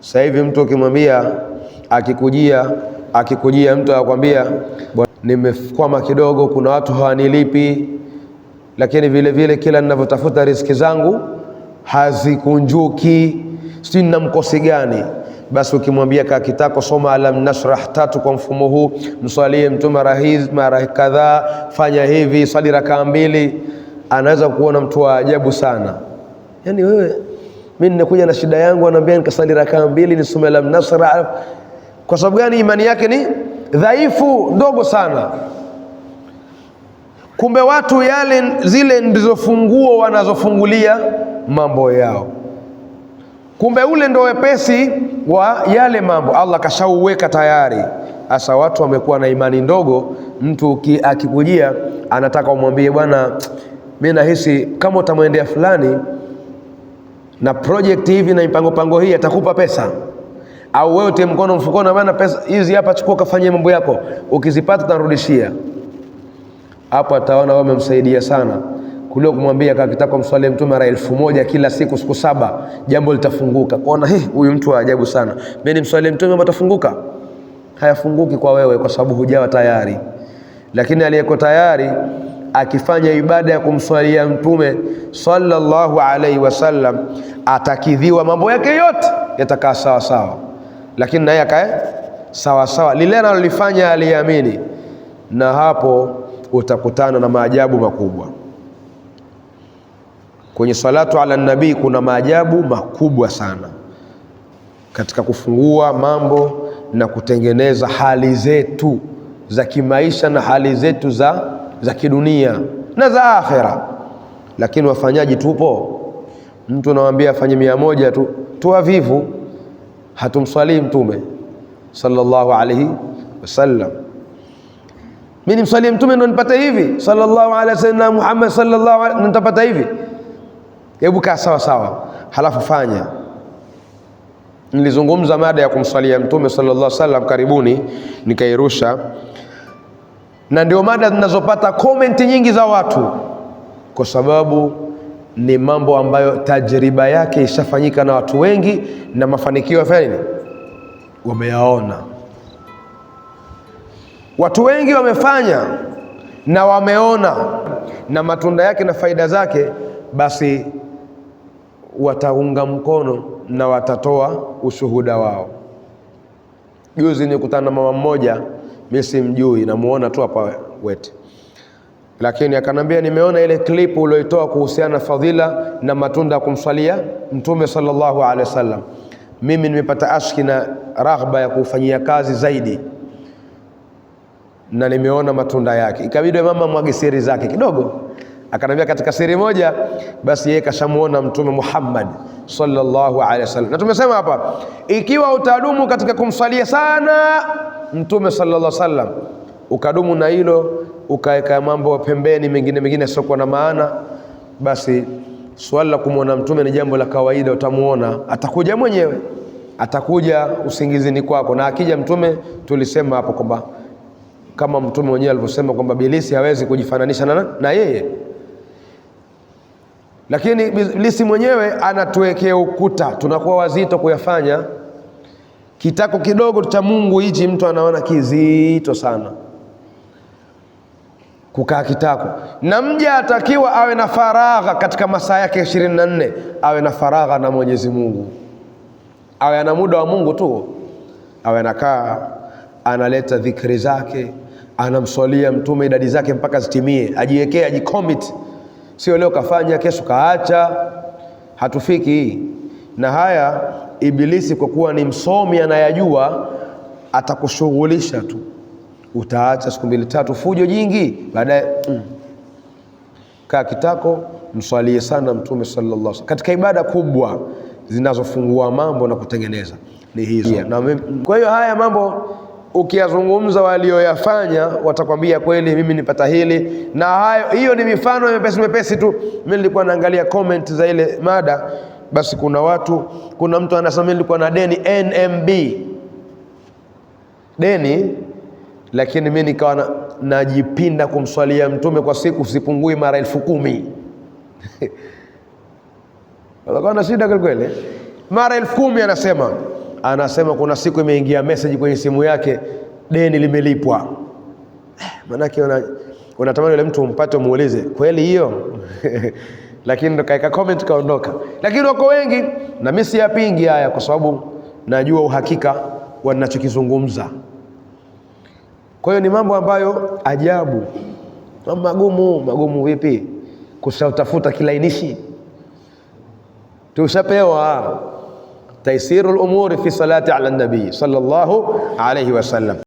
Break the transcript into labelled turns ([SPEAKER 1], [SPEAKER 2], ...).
[SPEAKER 1] Sasa hivi mtu ukimwambia, akikujia akikujia mtu anakwambia nimekwama kidogo, kuna watu hawanilipi, lakini vile vile kila ninavyotafuta riziki zangu hazikunjuki, sijui nina mkosi gani? Basi ukimwambia kaa kitako, soma alam nashrah tatu kwa mfumo huu, mswalie Mtume mara kadhaa, fanya hivi, swali rakaa mbili, anaweza kuona mtu wa ajabu sana. Yani wewe mimi nimekuja na shida yangu, anaambia nikasali rakaa mbili nisome alam nasra. Kwa sababu gani? Imani yake ni dhaifu, ndogo sana. Kumbe watu yale, zile ndizo funguo wanazofungulia mambo yao. Kumbe ule ndo wepesi wa yale mambo, Allah kashauweka tayari. Asa watu wamekuwa na imani ndogo. Mtu akikujia anataka umwambie, bwana, mimi nahisi kama utamwendea fulani na project hivi na mipango pango hii atakupa pesa au wewe tie mkono mfukoni, na maana pesa hizi hapa, chukua kafanyie mambo yako, ukizipata tarudishia Hapo ataona wewe umemsaidia sana kulio kumwambia kitako mswali mtume mara elfu moja kila siku siku saba, jambo litafunguka. Kuona huyu mtu wa ajabu sana, mimi mswali mtume mambo atafunguka. Hayafunguki kwa wewe, kwa sababu hujawa tayari, lakini aliyeko tayari akifanya ibada ya kumswalia Mtume sallallahu alaihi wasallam atakidhiwa mambo yake yote yatakaa sawa sawa, lakini naye akae sawa sawa lile analolifanya aliamini, na hapo utakutana na maajabu makubwa kwenye salatu ala nabii. Kuna maajabu makubwa sana katika kufungua mambo na kutengeneza hali zetu za kimaisha na hali zetu za za kidunia na za akhera. Lakini wafanyaji tupo, mtu anawaambia afanye mia moja tu, tuwavivu, hatumswalii Mtume sallallahu alaihi wasallam. Mimi nimswalie Mtume ndo nipate hivi sallallahu alaihi wasallam, Muhammad sallallahu alaihi nitapata hivi. Hebu kaa sawa sawa, halafu fanya. Nilizungumza mada ya kumswalia Mtume sallallahu alaihi wasallam karibuni, nikairusha na ndio mada zinazopata komenti nyingi za watu, kwa sababu ni mambo ambayo tajriba yake ishafanyika na watu wengi, na mafanikio ya nini, wameyaona. Watu wengi wamefanya na wameona na matunda yake na faida zake, basi wataunga mkono na watatoa ushuhuda wao. Juzi nikutana na mama mmoja mimi simjui, namuona tu hapa Wete. Lakini akanambia nimeona ile clip ulioitoa kuhusiana na fadhila na matunda ya kumswalia Mtume sallallahu alaihi wasallam, mimi nimepata ashki na raghba ya kufanyia kazi zaidi na nimeona matunda yake, ikabidi mama mwage siri zake kidogo. Akanambia katika siri moja basi, yeye kashamuona Mtume Muhammad sallallahu alaihi wasallam. Na tumesema hapa, ikiwa utadumu katika kumswalia sana Mtume sallallahu alaihi wasallam, ukadumu na hilo ukaweka mambo pembeni mengine mengine yasiokuwa na maana, basi swala la kumwona mtume ni jambo la kawaida. Utamuona, atakuja mwenyewe, atakuja usingizini kwako, na akija mtume, tulisema hapo kwamba kama mtume mwenyewe alivyosema kwamba bilisi hawezi kujifananisha na, na yeye, lakini bilisi mwenyewe anatuwekea ukuta, tunakuwa wazito kuyafanya Kitako kidogo cha Mungu hichi mtu anaona kizito sana kukaa kitako, na mja atakiwa awe na faragha katika masaa yake ishirini na nne awe na faragha na Mwenyezi Mungu, awe ana muda wa Mungu tu, awe anakaa analeta dhikri zake, anamswalia Mtume idadi zake mpaka zitimie, ajiwekee ajikomit, sio leo kafanya, kesho kaacha, hatufiki hii na haya Ibilisi kwa kuwa ni msomi anayajua, atakushughulisha tu, utaacha siku mbili tatu, fujo jingi, baadaye mm, kaa kitako, mswalie sana Mtume sallallahu alaihi wasallam. Katika ibada kubwa zinazofungua mambo na kutengeneza ni hizo yeah. Na kwa hiyo haya mambo ukiyazungumza walioyafanya watakwambia kweli, mimi nipata hili na hayo. Hiyo ni mifano mepesi mepesi tu. Mimi nilikuwa naangalia comment za ile mada basi kuna watu, kuna mtu anasema nilikuwa na deni NMB deni, lakini mimi nikawa najipinda kumswalia Mtume kwa siku sipungui mara elfu kumi akawa na shida kwelikweli, mara elfu kumi anasema anasema kuna siku imeingia message kwenye simu yake, deni limelipwa. Eh, maanake unatamani una yule mtu umpate, umuulize kweli hiyo lakini ndo kaika comment kaondoka. Lakini wako wengi, na mimi siyapingi haya, kwa sababu najua uhakika wa ninachokizungumza. Kwa hiyo ni mambo ambayo ajabu, mambo magumu magumu. Vipi kushatafuta kilainishi? Tushapewa taisirul umuri fi salati ala nabii sallallahu alayhi wasallam.